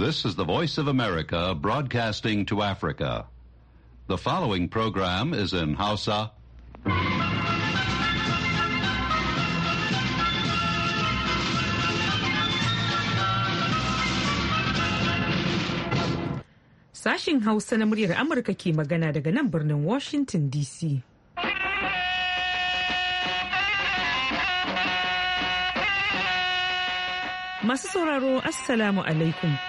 This is the Voice of America broadcasting to Africa. The following program is in Hausa. Sashin Hausa na muryar Amurka ke magana daga nan birnin Washington DC. Masu sauraro, Assalamu alaikum.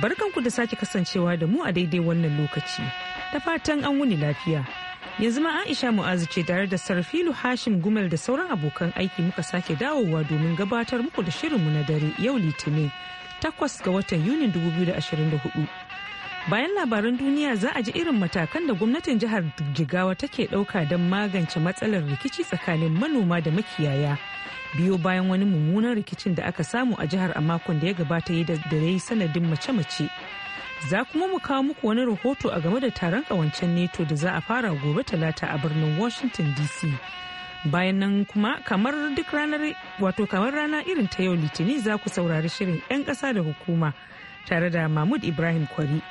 barkanku da sake kasancewa da mu a daidai wannan lokaci ta fatan an wuni lafiya yanzu ma aisha mu'azu ce tare da sarfilu hashim gumel da sauran abokan aiki muka sake dawowa domin gabatar muku da shirinmu na dare yau litinin takwas ga watan yunin 2024 Bayan labaran duniya za a ji irin matakan da gwamnatin jihar Jigawa take ɗauka don magance matsalar rikici tsakanin manoma da makiyaya. Biyo bayan wani mummunan rikicin da aka samu a jihar a makon da ya gabata da ya yi sanadin mace-mace. Za kuma mu kawo muku wani rahoto a game da taron ƙawancen neto da za a fara gobe talata a birnin Washington DC. Bayan nan kuma kamar duk ranar wato kamar rana irin ta yau litinin za ku saurari shirin 'yan ƙasa da hukuma tare da Mahmud Ibrahim Kwari.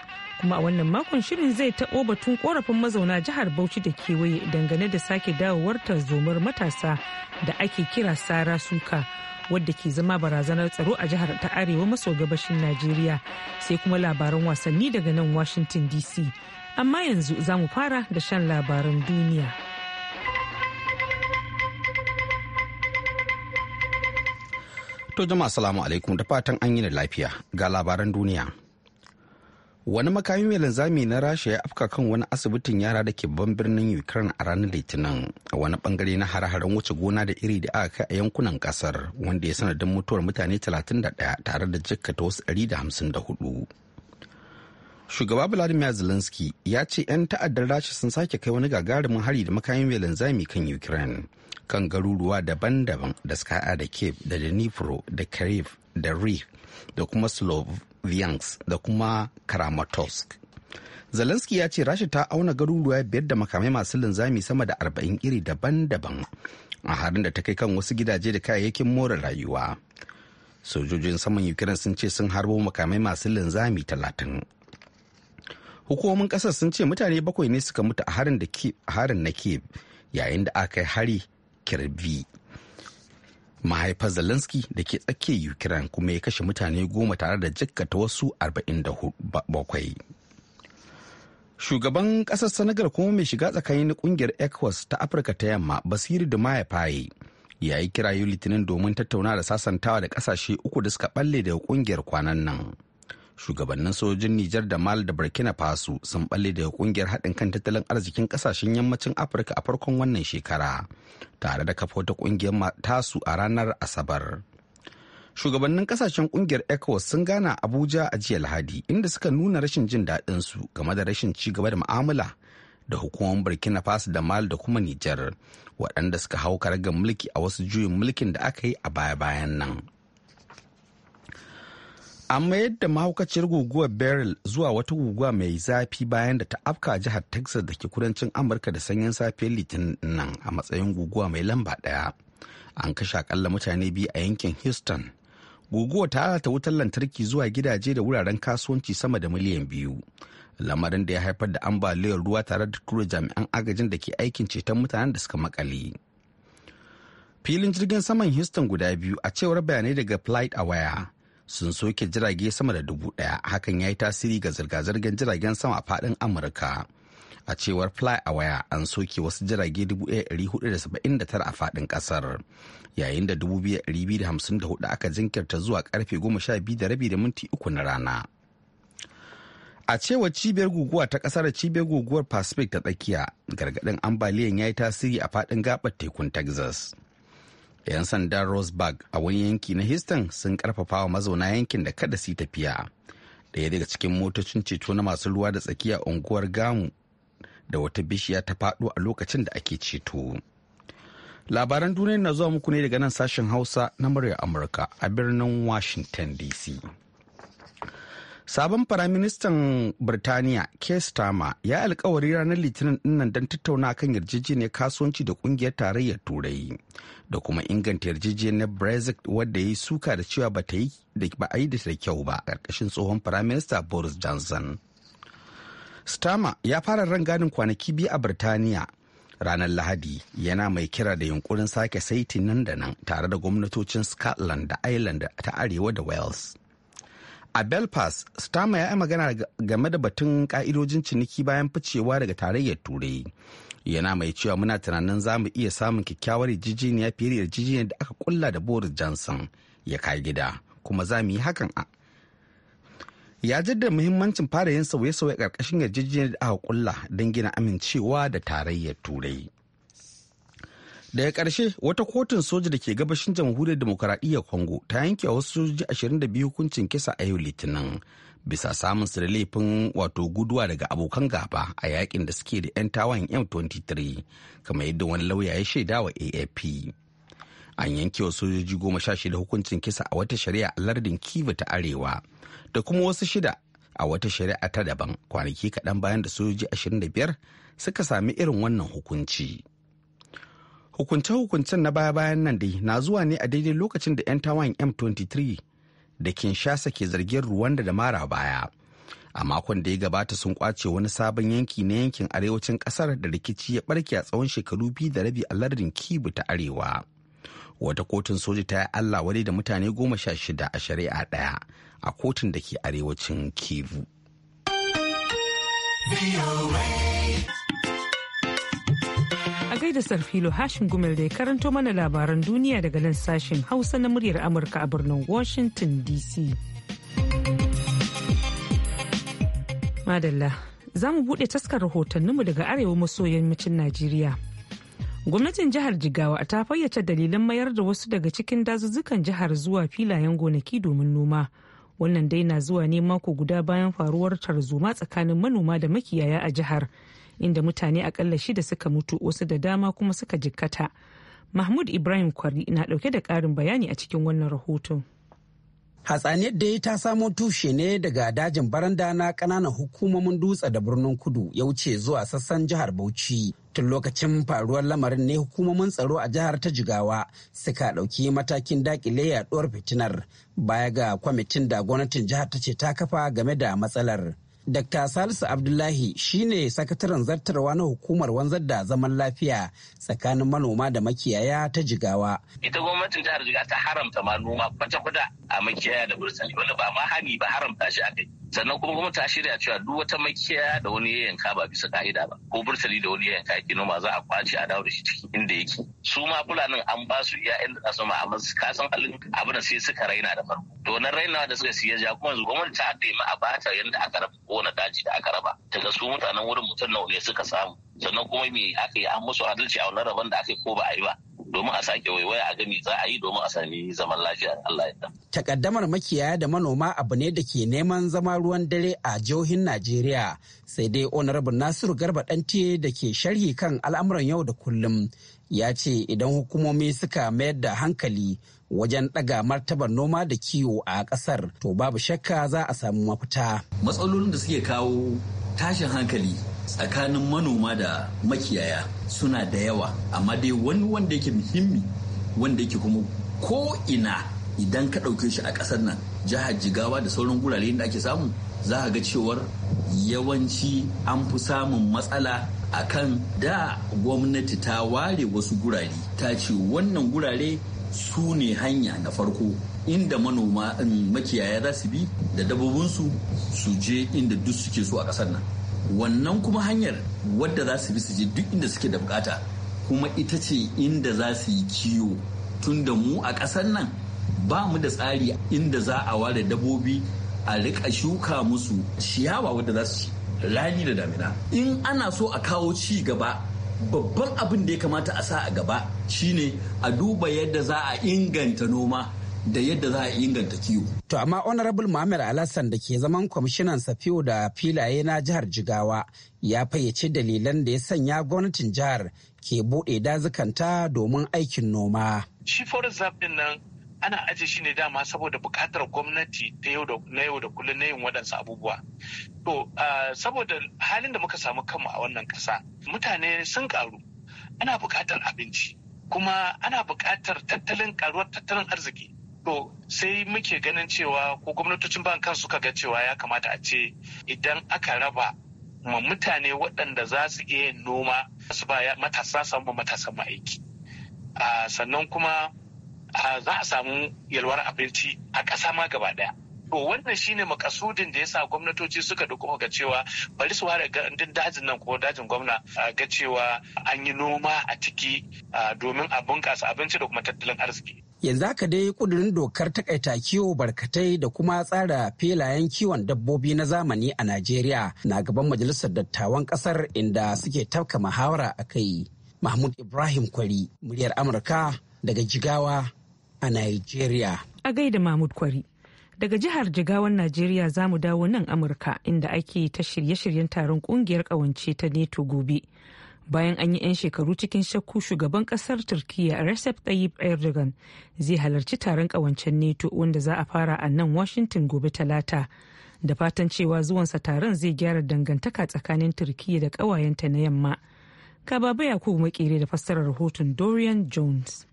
kuma a wannan makon shirin zai taɓo batun korafin mazauna jihar Bauchi da kewaye dangane da sake dawowar tarzomar matasa da ake kira Sara Suka wadda ke zama barazanar tsaro a jihar ta Arewa maso gabashin Najeriya sai kuma labaran wasanni daga nan Washington DC. Amma yanzu za mu fara da shan labaran duniya. To jama'a salamu alaikum da fatan an yi da lafiya ga labaran duniya. wani makami mai linzami na rasha ya afka kan wani asibitin yara da ke ban birnin ukraine a ranar litinin a wani bangare na hare-haren wuce gona da iri da aka kai a yankunan kasar wanda ya sanadin mutuwar mutane 31 tare da jikkata wasu 154 shugaba vladimir zelensky ya ce 'yan ta'addar rasha sun sake kai wani gagarumin hari da makamin mai linzami kan ukraine kan garuruwa daban-daban da suka da kiev da dnipro da kharkiv da rif da kuma slov Vyansk da kuma Kramatorsk. Zelensky ya ce rashi ta auna garuruwa biyar da makamai masu linzami sama da arba'in iri daban-daban a harin da ta kai kan wasu gidaje da kayayyakin more rayuwa. Sojojin saman Ukraine sun ce sun harbo makamai masu linzami talatin. Hukumomin kasar sun ce mutane bakwai ne suka mutu a harin na Kiev yayin da aka yi hari Kirbi mahaifar zelensky da ke tsakiyar ukraine kuma ya kashe mutane goma tare da jikkata wasu 47 shugaban kasar senegal kuma mai shiga tsakanin kungiyar ecowas ta afirka ta yamma basiru da faye ya yi kirayu litinin domin tattauna da sasantawa da kasashe uku da suka balle daga kungiyar kwanan nan. shugabannin sojin Nijar da Mali da Burkina Faso sun balle daga kungiyar haɗin kan tattalin arzikin ƙasashen yammacin Afirka a farkon wannan shekara tare da kafo ta kungiyar tasu a ranar Asabar. Shugabannin ƙasashen kungiyar ECOWAS sun gana Abuja a jiya Lahadi inda suka nuna rashin jin daɗin su game da rashin ci gaba da mu'amala da hukumar Burkina Faso da Mali da kuma Nijar waɗanda suka hau karagar mulki a wasu juyin mulkin da aka yi a baya-bayan nan. an mayar da mahaukaciyar guguwar beryl zuwa wata guguwa mai zafi bayan da ta afka jihar texas da ke kudancin amurka da sanyin safiyar litinin nan a matsayin guguwa mai lamba daya an kashe akalla mutane biyu a yankin houston guguwa ta halata wutar lantarki zuwa gidaje da wuraren kasuwanci sama da miliyan biyu lamarin da ya haifar da ambaliyar ruwa tare da tura jami'an agajin da ke aikin ceton mutanen da suka makale filin jirgin saman houston guda biyu a cewar bayanai daga flight a waya sun soke jirage sama da dubu ɗaya hakan ya yi tasiri ga zirga-zirgar jiragen sama a faɗin amurka a cewar fly a waya an soke wasu jirage 1479 a faɗin ƙasar yayin da 2254 aka jinkirta zuwa karfe 12 da rabi da minti uku na rana a cewar cibiyar guguwa ta kasar cibiyar guguwar pacific ta tsakiya gargadin ambaliyan ya yi tasiri a faɗin gabar tekun texas 'yan sandan roseburg a wani yanki na houston sun karfafa wa mazauna yankin da kada su tafiya daya daga cikin motocin ceto na masu ruwa da tsakiya unguwar gamu da wata bishiya ta faɗo a lokacin da ake ceto labaran duniya na zuwa muku ne daga nan sashen hausa na murya amurka a birnin washington dc Sabon Firaministan Birtaniya, Keir Starmer, ya alkawari ranar Litinin dinnan don tattauna kan yarjejeniyar kasuwanci da kungiyar tarayyar Turai da kuma inganta yarjejeniyar Brexit wadda ya yi suka da cewa ba a yi da kyau ba a ƙarƙashin tsohon Firaminista Boris Johnson. Starmer ya fara ranganin kwanaki biyu a Birtaniya ranar Lahadi yana mai kira da yunkurin sake saiti nan da nan tare da gwamnatocin Scotland da Ireland ta Arewa da Wales. A Belfast, Stama ya yi magana game da batun ka'idojin ciniki bayan ficewa daga tarayyar Turai. Yana mai cewa muna tunanin za mu iya samun kyakkyawar yarjejeniya fiye da yarjejeniyar da aka kulla da Boris Johnson ya kai gida, kuma za mu yi hakan a. Ya jaddada muhimmancin fara yin sauye-sauye ƙarƙashin yarjejeniyar da aka kulla don gina amincewa da tarayyar Turai. daga ƙarshe wata kotun soja da ke gabashin jamhuriyar demokaradiyyar congo ta yanke wasu sojoji 22 hukuncin kisa a yau litinin bisa samun su da laifin wato guduwa daga abokan gaba a yakin da suke da 'yan tawayen m23 kamar yadda wani lauya ya shaida wa afp an yanke wa sojoji goma sha shida hukuncin kisa a wata shari'a a lardin kiva ta arewa da kuma wasu shida a wata shari'a ta daban kwanaki kaɗan bayan da sojoji 25 suka sami irin wannan hukunci. Hukunce-hukuncen na baya-bayan nan dai na zuwa ne a daidai lokacin da 'yan tawan M23 da Kinshasa ke zargin Ruwanda da mara baya. A makon da ya gabata sun kwace wani sabon yanki na yankin arewacin kasar da rikici ya barke a tsawon shekaru biyu da rabi a lardin Kibu ta Arewa. Wata kotun soja ta yi Allah wale da mutane goma sha shida a shari'a ɗaya a kotun da ke arewacin Kivu. A gaida Sarfilo Hashin Gumel da ya karanto mana labaran duniya daga nan sashen Hausa na muryar Amurka a birnin Washington DC. Madalla, za mu buɗe taskar rahotanninmu daga arewa maso yammacin Najeriya. Gwamnatin jihar Jigawa ta fayyace dalilan mayar da wasu daga cikin dazuzzukan jihar zuwa filayen gonaki domin noma. Wannan dai na zuwa ne mako guda bayan faruwar tarzoma tsakanin manoma da makiyaya a jihar inda mutane akalla shida suka mutu wasu da dama kuma suka jikkata. Mahmud Ibrahim Kwari na ɗauke da ƙarin bayani a cikin wannan rahoton. Hatsaniyar da ta samo tushe ne daga dajin baranda na ƙananan hukumomin dutse da birnin kudu ya wuce zuwa sassan jihar Bauchi. Tun lokacin faruwar lamarin ne hukumomin tsaro a jihar ta jigawa suka ɗauki matakin dakile yaɗuwar fitinar baya ga kwamitin da gwamnatin jihar ta ce ta kafa game da matsalar. Dr. Salisu Abdullahi shine sakataren zartarwa na hukumar wanzar da zaman lafiya tsakanin manoma da makiyaya ta jigawa. Ita gwamnatin jihar jigawa ta haramta ma noma kwata-kwata a makiyaya da burtsani wanda ba ma hani ba haramta shi akai? sannan kuma kuma ta shirya cewa duk wata makiyaya da wani ya yanka ba bisa ka'ida ba ko burtali da wani ya yanka yake noma za a kwace a dawo da shi cikin inda yake su ma fulanin an ba su iyayen da zasu ma amma ka san halin abin da sai suka raina da farko to rainawa da suka siya ja kuma yanzu gwamnati ta adda ma a bata yanda aka rabu Kowane daji da aka raba ta su mutanen wurin mutum nawa ne suka samu sannan kuma me aka yi an musu adalci a wannan rabon da aka yi ko ba a yi ba domin a sake waiwaya a gani za a yi domin a sami zaman lafiya Allah ya Takaddamar makiyaya da manoma abu ne da ke neman zama ruwan dare a jihohin Najeriya sai dai Honorable Nasiru Garba Dantiye da ke sharhi kan al'amuran yau da kullum ya ce idan hukumomi suka mayar da hankali wajen ɗaga martabar noma da kiwo a ƙasar to babu shakka za a samu mafita. Matsalolin da suke kawo tashin hankali tsakanin manoma da makiyaya suna da yawa amma dai wani wanda yake muhimmi wanda yake kuma ko ina idan ka ɗauke shi a ƙasar nan jihar jigawa da sauran gurare da ake samu za ga cewar yawanci an fi samun matsala akan da gwamnati ta ware wasu gurare ta ce wannan gurare su ne hanya na farko inda manoma um, makiyaya za su bi da dabobinsu su je inda duk suke so a ƙasar nan wannan kuma hanyar wadda za su bi su je duk inda suke da bukata kuma ita ce inda za su yi kiwo tun da mu a ƙasar nan ba mu da tsari inda za a ware dabobi a riƙa shuka musu ciyawa wadda za su ci rani da damina in ana so a kawo ci gaba babban abin da ya kamata a sa a gaba shine a duba yadda za a inganta noma da yadda za a inganta kiwo. To amma Honorable Muhammad Alassan da ke zaman kwamishinan Safiu da filaye na jihar Jigawa ya fayyace dalilan da ya sanya gwamnatin jihar ke buɗe dazukanta domin aikin noma. Shi Forest Zap nan ana ajiye shi ne dama saboda bukatar gwamnati ta yau da na yau da kullum na yin waɗansu abubuwa to saboda halin da muka samu kanmu a wannan ƙasa mutane sun karu ana bukatar abinci kuma ana bukatar tattalin karuwar tattalin arziki to sai muke ganin cewa ko gwamnatocin ban kan suka ga cewa ya kamata a ce idan aka raba ma mutane waɗanda za su iya noma su ba matasa samu matasan ma'aiki sannan kuma za a samu yalwar abinci a ƙasa ma gaba ɗaya. To wannan shine makasudin da yasa gwamnatoci suka da ga cewa bari su ware gandun dajin nan ko dajin gwamna ga cewa an yi noma a ciki domin a bunƙasa abinci da kuma tattalin arziki. Yanzu haka dai kudurin dokar takaita kiwo barkatai da kuma tsara filayen kiwon dabbobi na zamani a Najeriya na gaban majalisar dattawan kasar inda suke tafka muhawara a kai. Mahmud Ibrahim Kwari, muryar Amurka daga Jigawa a Nigeria. A gaida Mahmud Kwari. Daga jihar Jigawan Najeriya za mu dawo nan Amurka inda ake ta shirye-shiryen taron kungiyar ƙawance ta neto gobe. Bayan an yi 'yan shekaru cikin shakku shugaban kasar Turkiyya Recep Tayyip Erdogan zai halarci taron ƙawancen neto wanda za a fara a nan Washington gobe talata. Da fatan cewa zuwansa taron zai gyara dangantaka tsakanin Turkiyya da ƙawayenta na yamma. Kababa Yakubu makere da fassarar rahoton Dorian Jones.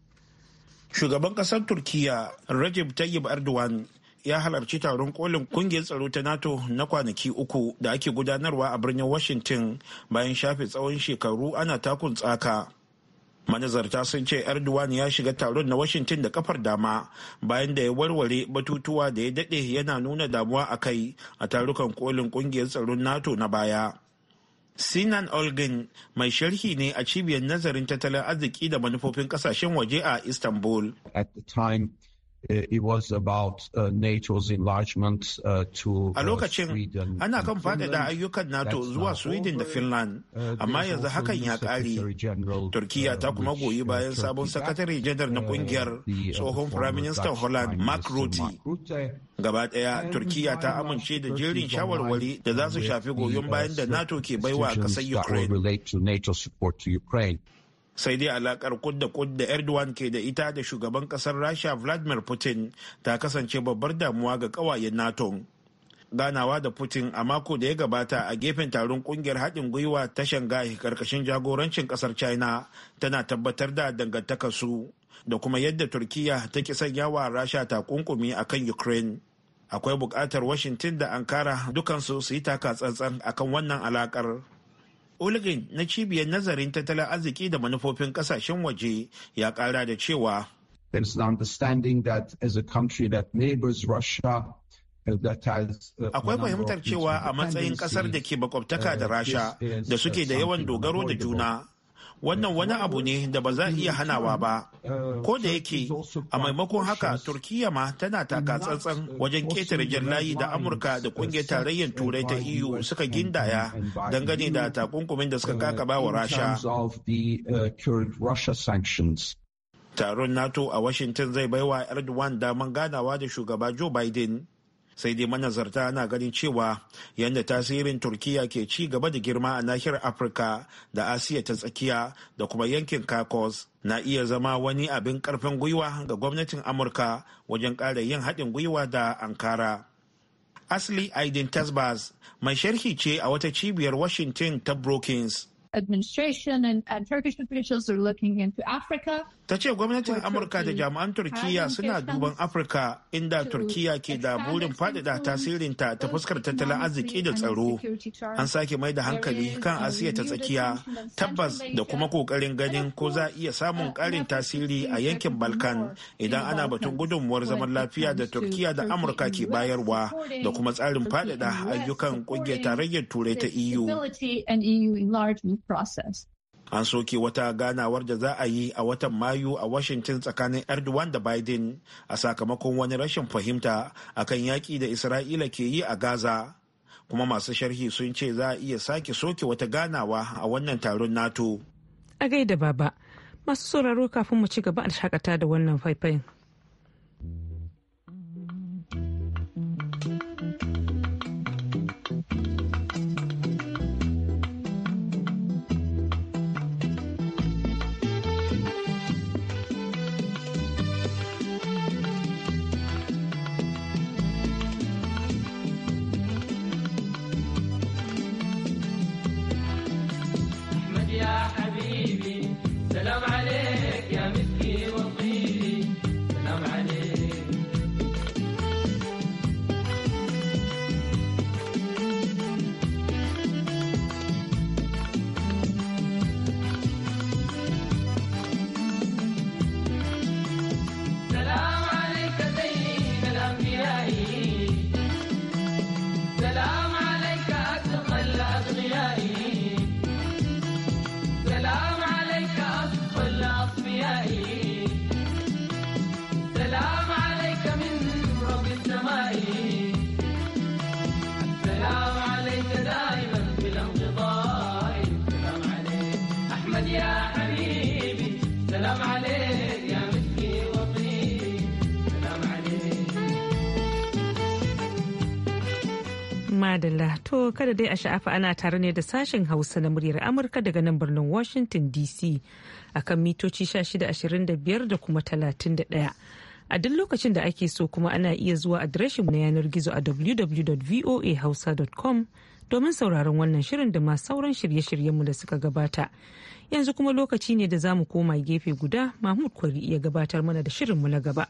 Shugaban ƙasar Turkiyya Recep Tayyip Erdogan ya halarci taron kolin kungiyar tsaro ta NATO na kwanaki uku da ake gudanarwa a birnin Washington bayan shafe tsawon shekaru ana takun tsaka. Manazarta sun ce Erdogan ya shiga taron na Washington da kafar dama bayan da ya warware batutuwa da ya daɗe yana nuna damuwa a kai a tarukan kolin kungiyar tsaron NATO na baya. Sinan Olgin mai sharhi ne a cibiyar nazarin tattalin arziki da manufofin kasashen waje a Istanbul. At the time, Uh, it was about uh, NATO's enlargement uh, to A uh, lokacin ana kan faɗaɗa ayyukan NATO zuwa Sweden da Finland, uh, amma yanzu hakan ya ƙare. Turkiya ta kuma goyi bayan sabon sakatare janar na ƙungiyar tsohon Firaministan Holland Mark Rutte. Gaba ɗaya Turkiya ta amince da jerin shawarwari da za su shafi goyon bayan da NATO ke baiwa ƙasar Ukraine. sai dai alakar kud kudda kud erdogan ke da ita da shugaban kasar rasha vladimir putin ta kasance babbar damuwa ga kawayen nato ganawa da putin a mako da ya gabata a gefen taron kungiyar haɗin gwiwa ta shanghai karkashin jagorancin kasar china tana tabbatar da dangantakarsu da kuma yadda turkiya take sanyawa rasha takunkumi a kan ukraine akwai bukatar washington da ankara dukansu su yi taka tsantsan akan wannan alakar Ulgin na cibiyar nazarin tattalin arziki da manufofin kasashen waje ya kara da cewa. Uh, uh, Akwai fahimtar cewa a matsayin kasar da ke makwabtaka uh, da Rasha da suke da yawan dogaro da juna wannan wani abu ne da ba za a iya hanawa ba ko da yake a maimakon haka Turkiyya ma tana taka tsantsan wajen ketare jan layi da amurka da kungiyar tarayyar turai ta eu suka gindaya dangane da takunkumin da suka kakaba wa rasha taron nato a washington zai baiwa erdogan daman ganawa da shugaba joe biden sai dai manazarta na ganin cewa yadda tasirin turkiya ke ci gaba da girma a nahiyar afirka da asiya ta tsakiya da kuma yankin kakos na iya zama wani abin karfin gwiwa ga gwamnatin amurka wajen ƙara yin haɗin gwiwa da ankara asli aidin tasbas mai sharhi ce a wata cibiyar washington ta brookings administration and, and Turkish officials are looking into Africa. Ta ce gwamnatin Amurka da jami'an Turkiyya suna duban Afirka inda Turkiyya ke da burin faɗaɗa tasirinta ta fuskar tattalin arziki da tsaro. An sake mai da hankali kan Asiya ta tsakiya tabbas da kuma ƙoƙarin ganin ko za a iya samun uh, ƙarin tasiri a yankin Balkan idan ana batun gudunmuwar zaman lafiya da Turkiyya da Amurka ke bayarwa da kuma tsarin faɗaɗa ayyukan ƙungiyar tarayyar Turai ta EU. process. An soke wata ganawar da za a yi a watan Mayu a Washington tsakanin Erdogan da Biden a sakamakon wani rashin fahimta a kan yaƙi da Isra'ila ke yi a Gaza. Kuma masu sharhi sun ce za a iya sake soke wata ganawa a wannan taron NATO. A gaida baba, masu sauraro kafin mu ci gaba a shakata da wannan faifai. kada dai a sha'afa ana tare ne da sashen hausa na muryar amurka daga nan birnin washington dc akan mitoci 1625 da kuma 31 a duk lokacin da ake so kuma ana iya zuwa adireshin na yanar gizo a www.voahausa.com domin sauraron wannan shirin da ma sauran shirye-shiryenmu da suka gabata yanzu kuma lokaci ne da za mu koma gefe guda mahmud kwari iya gabatar mana da shirinmu na gaba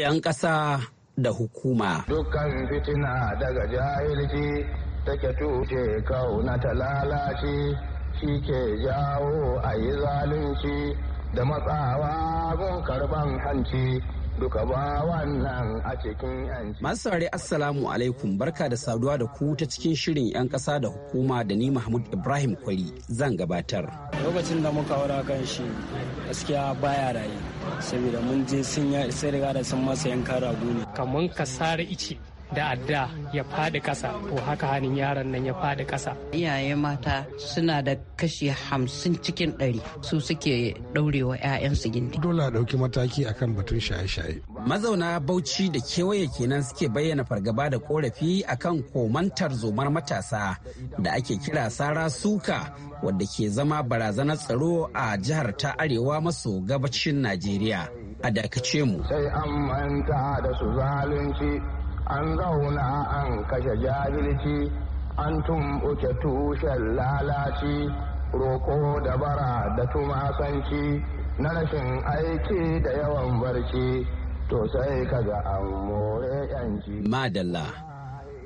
'yan ƙasa da hukuma. Dukkan fitina daga jahilci take tushe kauna ta lalace shi ke jawo a yi zalunci da matsawa gun karban hanci duka ba wannan a cikin yanci. Masu saurari Assalamu alaikum barka da saduwa da ku ta cikin shirin 'yan ƙasa da hukuma da ni Mahmud Ibrahim Kwari zan gabatar. Lokacin da muka wara kan shi gaskiya baya rayu saboda mun je sun riga da sun masa yankan rago ne. kamar ka sare ice da adda ya faɗi ƙasa to haka hannun yaron nan ya fadi ƙasa. iyaye mata suna da kashi hamsin cikin ɗari su suke ɗaurewa 'ya'yansu gindi. dole a ɗauki mataki akan batun shaye-shaye. mazauna bauchi da kewaye kenan suke bayyana fargaba da korafi akan komantar zomar matasa da ake kira sara suka wadda ke zama barazanar tsaro a jihar ta arewa maso gabashin najeriya a dakace mu sai an manta da su zalunci an zauna an kashe jahilci an uke tushen lalaci roko da bara da tumasanci na rashin aiki da yawan barci to sai kaga an more yanci. Madalla.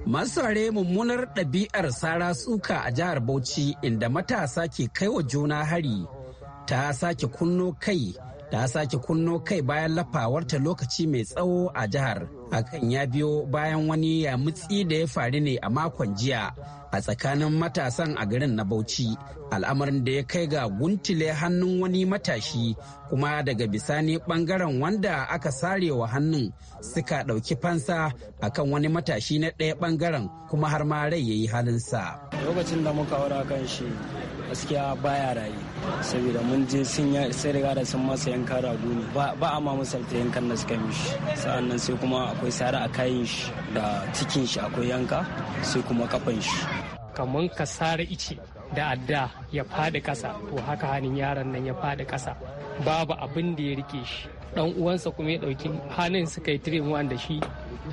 Masu mummunar ɗabi'ar Sara Suka a jihar Bauchi inda matasa ke kai wa juna hari ta sake kunno kai ta sake kunno kai bayan lafawarta lokaci mai tsawo a jihar. akan ya biyo bayan wani yamutsi da ya faru ne a makon jiya a tsakanin matasan a garin na bauchi al'amarin da ya kai ga guntule hannun wani matashi kuma daga bisani bangaren wanda aka sarewa hannun suka ɗauki fansa akan wani matashi na ɗaya bangaren kuma har ma rai ya yi halinsa lokacin da muka wara kan shi gaskiya baya rayu saboda mun je sun ya sai riga da sun masa yanka da ne ba a ma misalta yankan da suka mishi sa'an nan sai kuma akwai sara a kayan shi da cikin shi akwai yanka sai kuma kafan shi kamar ka sara ice da adda ya fadi kasa to haka hannun yaron nan ya fadi kasa babu abin da ya rike shi dan uwansa kuma ya dauki hannun suka yi tirin da shi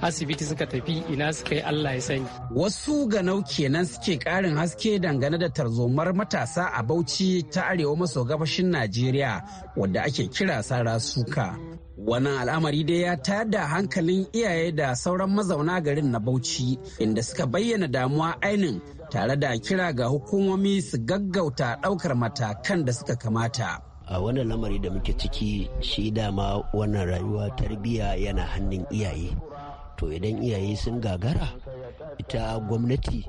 asibiti suka tafi ina suka yi Allah ya sani. Wasu ganau kenan suke karin haske dangane da tarzomar matasa a Bauchi ta arewa maso gabashin Najeriya wadda ake kira sara suka. Wannan al'amari dai ya tayar da hankalin iyaye da sauran mazauna garin na Bauchi inda suka bayyana damuwa ainin tare da kira ga hukumomi su gaggauta ɗaukar matakan da suka kamata. a wannan lamari da muke ciki shi dama wannan rayuwa tarbiyya yana hannun iyaye to idan iyaye sun gagara ita gwamnati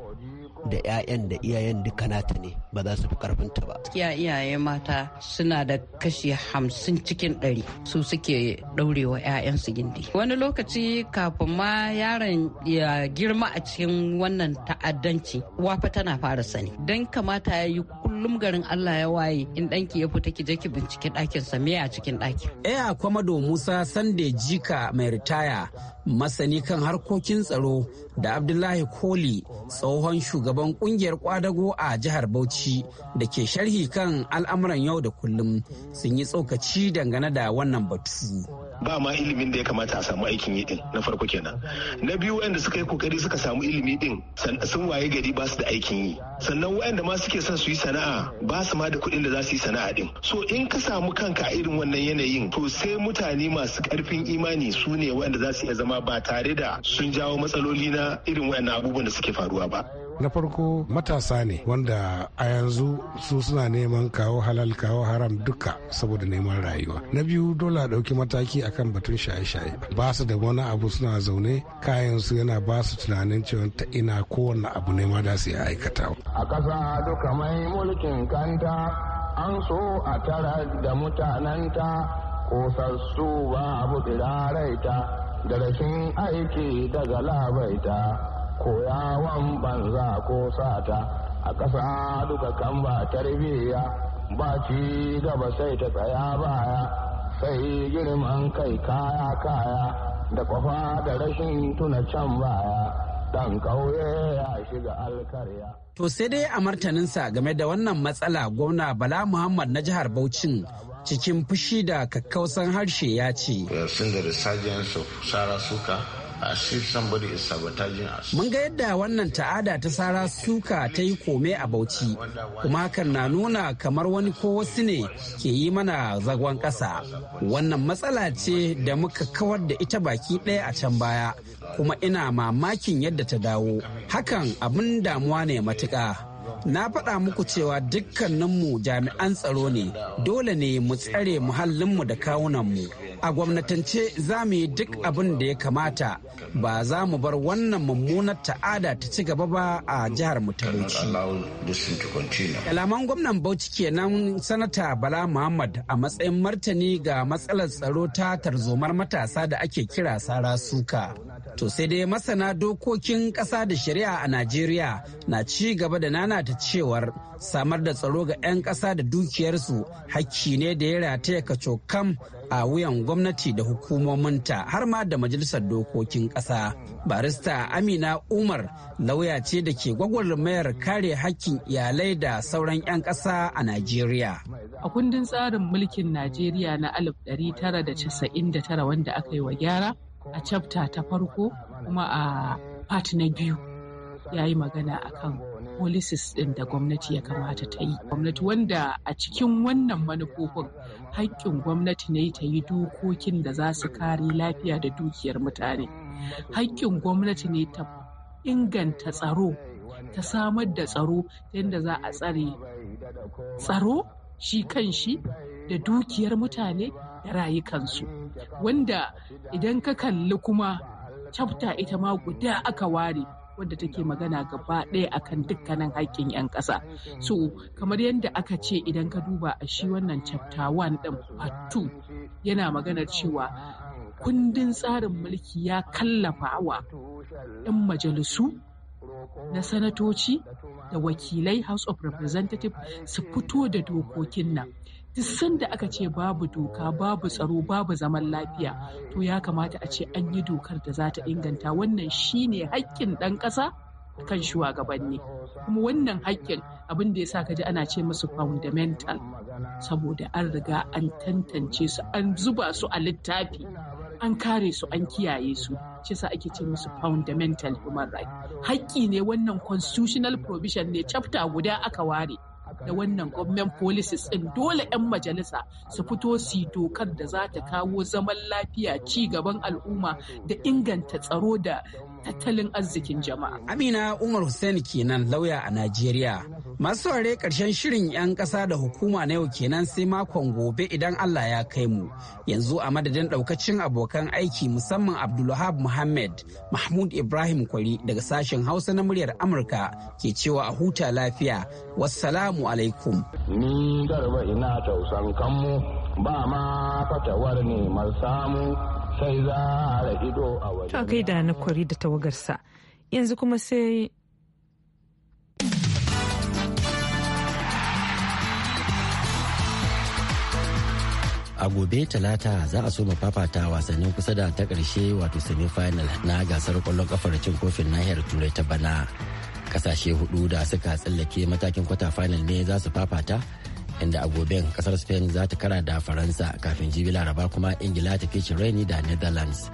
da 'ya'yan da iyayen duka nata ne ba za su fi karfinta ba. Gaskiya iyaye mata suna da kashi hamsin cikin ɗari su suke ɗaurewa 'ya'yansu gindi. Wani lokaci kafin ma yaron ya girma a cikin wannan ta'addanci wafa tana fara sani. dan kamata ya yi kullum garin Allah ya waye in ɗanki ya fita ki je ki binciki sa me a cikin ɗakin. Eya Kwamado Musa Sande Jika mai ritaya masani kan harkokin tsaro da abdullahi koli tsohon shugaban kungiyar kwadago a jihar bauchi da ke sharhi kan al'amuran yau da kullum sun yi tsokaci dangane da wannan batu ba ma ilimin da ya kamata a samu aikin yi din na farko kenan na biyu wayanda suka yi kokari suka samu ilimi din sun waye gari ba su da aikin yi sannan wayanda ma suke son su yi sana'a ba su ma da kuɗin da za su yi sana'a din so in ka samu kanka a irin wannan yanayin to sai mutane masu karfin imani su ne wayanda za su iya zama ba tare da sun jawo matsaloli na irin wayannan abubuwan da suke faruwa ba na farko matasa ne wanda a yanzu su suna neman kawo halal kawo haram duka saboda neman rayuwa na biyu dole a ɗauki mataki akan batun shaye-shaye ba su da wani abu suna zaune kayansu yana ba su tunanin cewa ta ina kowanne abu ne ma da su ya aikata a ƙasa duka mai mulkin kanta an so a tara da mutananta kosassu ba abu tsiraraita da rashin aiki daga labaita koyawan banza ko sata a ƙasa duka kan ba tarbiyya ba ci gaba sai ta tsaya baya sai girman kai kaya kaya da kwafa da rashin tuna can baya dan kauye ya shiga alkarya. To sai dai a martaninsa game da wannan matsala gwamna Bala Muhammad na jihar Bauchin cikin fushi da kakkausan harshe ya ce. sun da resurgence of sarasuka Suka Mun ga yadda wannan ta'ada ta sara suka ta yi kome a Bauchi, kuma hakan na nuna kamar wani ko wasu ne ke yi mana zagon ƙasa. Wannan matsala ce da muka kawar da ita baki ɗaya a can baya, kuma ina mamakin yadda ta dawo. Hakan abin damuwa ne matuƙa. na faɗa muku cewa dukkaninmu jami'an tsaro ne dole ne mu tsare muhallinmu da kawunanmu a gwamnatance za mu yi duk abin da ya kamata ba za mu bar wannan mummunar ta'ada ta ci gaba ba a jihar mu ta kalaman gwamnan bauchi kenan sanata bala muhammad a matsayin martani ga matsalar tsaro ta tarzomar matasa da ake kira sara suka to sai dai masana dokokin ƙasa da shari'a a najeriya na ci gaba da nana ta cewar samar da tsaro ga 'yan ƙasa da dukiyarsu hakki ne da ya rataya kacokam a wuyan gwamnati da hukumominta har ma da majalisar dokokin ƙasa. Barista Amina Umar lauya ce da ke gwagwarmayar kare hakkin iyalai da sauran 'yan ƙasa a Najeriya. A kundin tsarin mulkin Najeriya na 1999 wanda aka yi wa gyara a chapter ta farko kuma a part na biyu ya yi magana akan policies ɗin da gwamnati ya kamata ta yi. Gwamnati wanda a cikin wannan manufofin haƙƙin gwamnati ne ta yi dokokin da za su kare lafiya da dukiyar mutane. Haƙƙin gwamnati ne ta inganta tsaro, ta samar da tsaro yadda za a tsare tsaro shi kan shi da dukiyar mutane da rayukansu. Wanda idan ka kalli kuma chapter ita ma guda aka ware wadda take magana gaba ɗaya akan dukkanin haƙƙin 'yan ƙasa so kamar yadda aka ce idan ka duba a shi wannan chapter 1 ɗin part 2 yana maganar cewa kundin tsarin mulki ya kallafa wa 'yan majalisu na sanatoci da wakilai house of representative su fito da dokokin nan duk sanda aka ce babu doka babu tsaro babu zaman lafiya to ya kamata a ce an yi dokar da za ta inganta wannan shine haƙƙin ɗan ƙasa kan shugabanni kuma wannan haƙƙin abin da ya sa kaji ana ce musu fundamental saboda an riga an tantance su an zuba su a littafi an kare su an kiyaye su shi sa ake ce musu fundamental human right haƙƙi ne wannan constitutional provision ne chapter guda aka ware da wannan gwamnan policies ɗin dole 'yan majalisa su fito su dokar da za ta kawo zaman lafiya ci gaban al'umma da inganta tsaro da tattalin arzikin jama'a. Amina Umar Hussein kenan lauya a Najeriya. Masu saurare karshen shirin 'yan ƙasa da hukuma na yau kenan sai makon gobe idan Allah ya kai mu. Yanzu a madadin ɗaukacin abokan aiki musamman Abdulwahab Muhammad Mahmud Ibrahim Kwari daga sashen Hausa na muryar Amurka ke cewa a huta lafiya. Wassalamu alaikum. Ni garba ina tausan kanmu ba ma fatawar neman samu sai za a ido a wajen. Ta na kwari da tawagarsa. Yanzu kuma sai a gobe talata za a soma fafata wasannin kusa da ta ƙarshe wato semi-final na gasar kwallon kafar cin kofin nahiyar turai ta bana kasashe hudu da suka tsallake matakin kwata final ne za su fafata inda a goben kasar spain za ta kara da faransa kafin jibi laraba kuma ingila ta fice raini da netherlands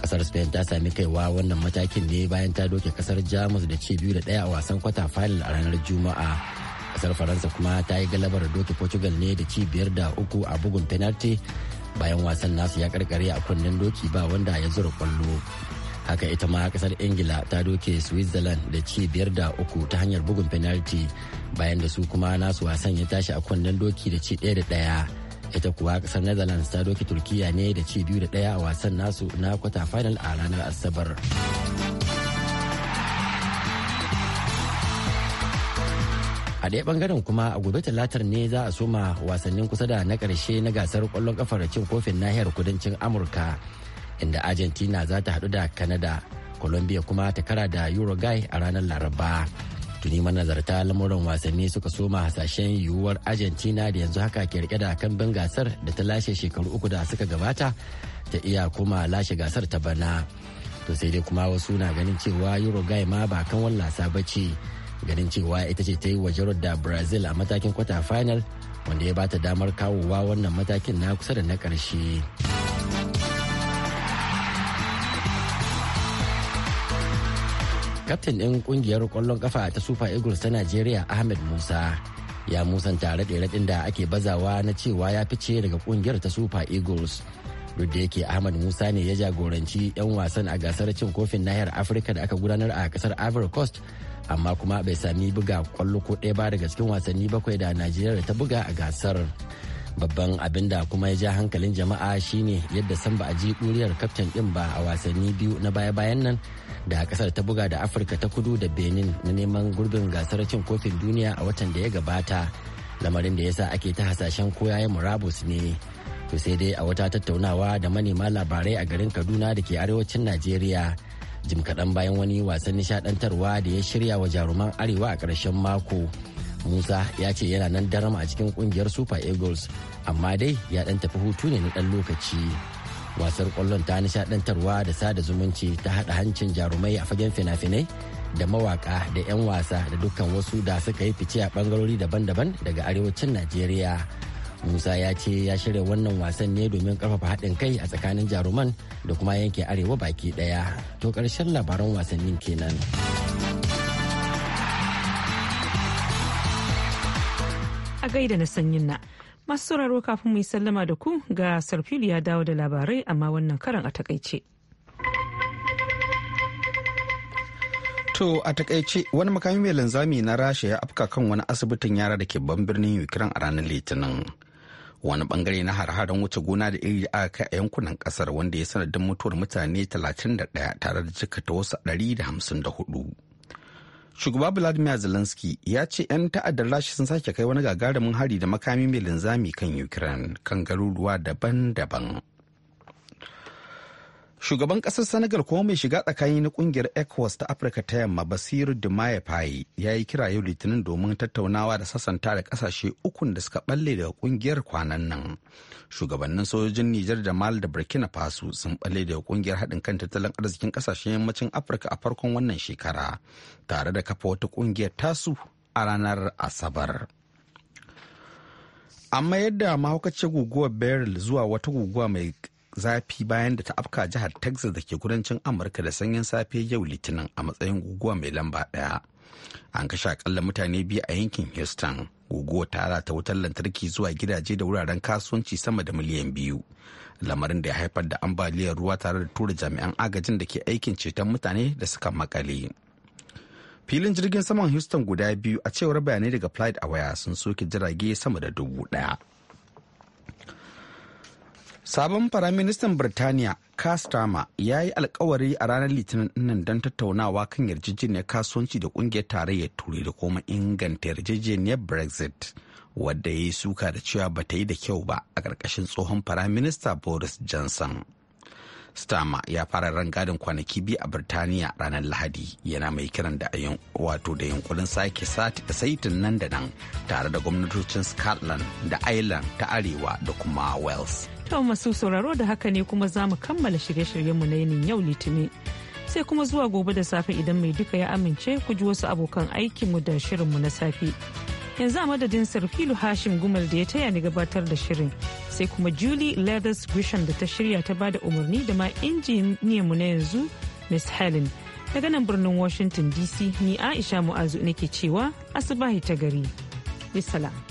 kasar spain ta sami kaiwa wannan matakin ne bayan ta doke kasar jamus da ce biyu da daya a wasan kwata final a ranar juma'a kasar faransa kuma ta yi galabar doki portugal ne da ci biyar da uku a bugun penalty bayan wasan nasu ya karkare a kunnen doki ba wanda ya zura kwallo haka ita ma kasar ingila ta doke switzerland da ci biyar da uku ta hanyar bugun penalty bayan da su kuma nasu wasan ya tashi a kunnen doki da ci ɗaya da ɗaya ita kuwa kasar netherlands ta doki turkiya ne da ci biyu da ɗaya a wasan nasu na kwata final a ranar asabar a daya bangaren kuma a gobe talatar ne za a soma wasannin kusa da na karshe na gasar kwallon kafar cin kofin nahiyar kudancin amurka inda argentina za ta hadu da canada colombia kuma ta kara da uruguay a ranar laraba tuni manazarta lamuran wasanni suka soma hasashen yiwuwar argentina da yanzu haka ke rike da kambin gasar da ta lashe shekaru uku da suka gabata ta iya kuma lashe gasar ta bana to sai dai kuma wasu na ganin cewa uruguay ma ba kan wallasa ba ce ganin cewa ita ce ta yi wa da brazil a matakin kwata final wanda ya bata damar kawowa wannan matakin na kusa da na karshe. kaftin ɗin ƙungiyar ƙwallon ƙafa ta super eagles ta nigeria ahmed musa ya musanta raɗe-raɗin da ake bazawa na cewa ya fice daga ƙungiyar ta super eagles duk da yake ahmed musa ne ya jagoranci 'yan wasan a gasar cin kofin nahiyar afirka da aka gudanar a ƙasar ivory coast amma kuma bai sami buga kwallo ko ɗaya ba daga cikin wasanni bakwai da najeriya da ta buga a gasar babban abin da kuma ya ja hankalin jama'a shine yadda san ba a ji ɗuriyar kaftan ɗin ba a wasanni biyu na baya-bayan nan da ƙasar ta buga da afirka ta kudu da benin na neman gurbin gasar cin kofin duniya a watan da ya gabata lamarin da ya sa ake ta hasashen koyayen murabus ne to sai dai a wata tattaunawa da manema labarai a garin kaduna da ke arewacin najeriya jim kaɗan bayan wani wasan nishaɗantarwa da ya shirya wa jaruman arewa a ƙarshen mako musa ya ce yana nan darama a cikin ƙungiyar super eagles amma dai ya ɗan tafi hutu ne na ɗan lokaci wasar ƙwallon ta nishaɗantarwa da sada zumunci ta haɗa hancin jarumai a fagen fina-finai da mawaka da 'yan wasa da dukkan wasu da suka yi fice a ɓangarori daban-daban daga arewacin najeriya musa ya ce ya shirya wannan wasan ne domin karfafa haɗin kai a tsakanin jaruman da kuma yanke arewa baki ɗaya to ƙarshen labaran wasannin kenan a gaida na sanyin na masu sauraro kafin mu sallama da ku ga sarfilu ya dawo da labarai amma wannan karan a takaice To a takaice wani makami mai linzami na rasha ya afka kan wani asibitin yara da ke ban birnin Ukraine a ranar Litinin. wani bangare na har-haren wuce gona da iri aka kai a yankunan kasar wanda ya sanadin mutuwar mutane 31 tare da cika ta wasu 154 shugaba vladimir zelensky ya ce 'yan ta'addar rashi sun sake kai wani gagarumin hari da makami mai linzami kan ukraine kan garuruwa daban-daban shugaban kasar senegal kuma mai shiga tsakani na kungiyar ecowas ta afirka ta yamma basiru dumaye faye ya yi kira yau litinin domin tattaunawa da sassanta da kasashe ukun da suka balle daga kungiyar kwanan nan shugabannin sojojin nijar da mali da burkina faso sun balle daga kungiyar haɗin kan tattalin arzikin kasashen yammacin afirka a farkon wannan shekara tare da kafa wata kungiyar tasu a ranar asabar. Amma yadda da mahaukacin guguwar beryl zuwa wata guguwa mai zafi bayan da ta afka jihar Texas da ke kudancin Amurka da sanyin safe yau Litinin a matsayin guguwa mai lamba daya. An kashe akalla mutane biyu a yankin Houston. Guguwa ta ta wutar lantarki zuwa gidaje da wuraren kasuwanci sama da miliyan biyu. Lamarin da ya haifar da ambaliyar ruwa tare da tura jami'an agajin da ke aikin ceton mutane da suka makale. Filin jirgin saman Houston guda biyu a cewar bayanai daga Flight waya sun soke jirage sama da dubu daya. Sabon Firaministan Birtaniya, Kastama, ya yi alkawari a ranar Litinin nan don tattaunawa kan yarjejeniyar kasuwanci da kungiyar tarayyar Turai da kuma inganta yarjejeniyar Brexit, wadda ya yi suka da cewa ba ta yi da kyau ba a ƙarƙashin tsohon Firaminista Boris Johnson. Stama ya fara rangadin kwanaki biyu a Birtaniya ranar Lahadi yana mai kiran da ayin wato da yunkurin sake sati da saitin nan da nan tare da gwamnatocin Scotland da Ireland ta Arewa da kuma Wales. To masu sauraro da haka ne kuma za mu kammala shirye-shiryenmu na yinin yau litinin. Sai kuma zuwa gobe da safe idan mai duka ya amince ku ji wasu abokan mu da shirinmu na safe. Yanzu a madadin Sarfilu Hashim Gumal da ya taya ni gabatar da shirin sai kuma Julie Leathers Grisham da ta shirya ta bada umarni da ma mu na yanzu Miss Helen. Daga nan birnin Washington DC ni Aisha Mu'azu nake cewa asubahi ta gari. Bisalam.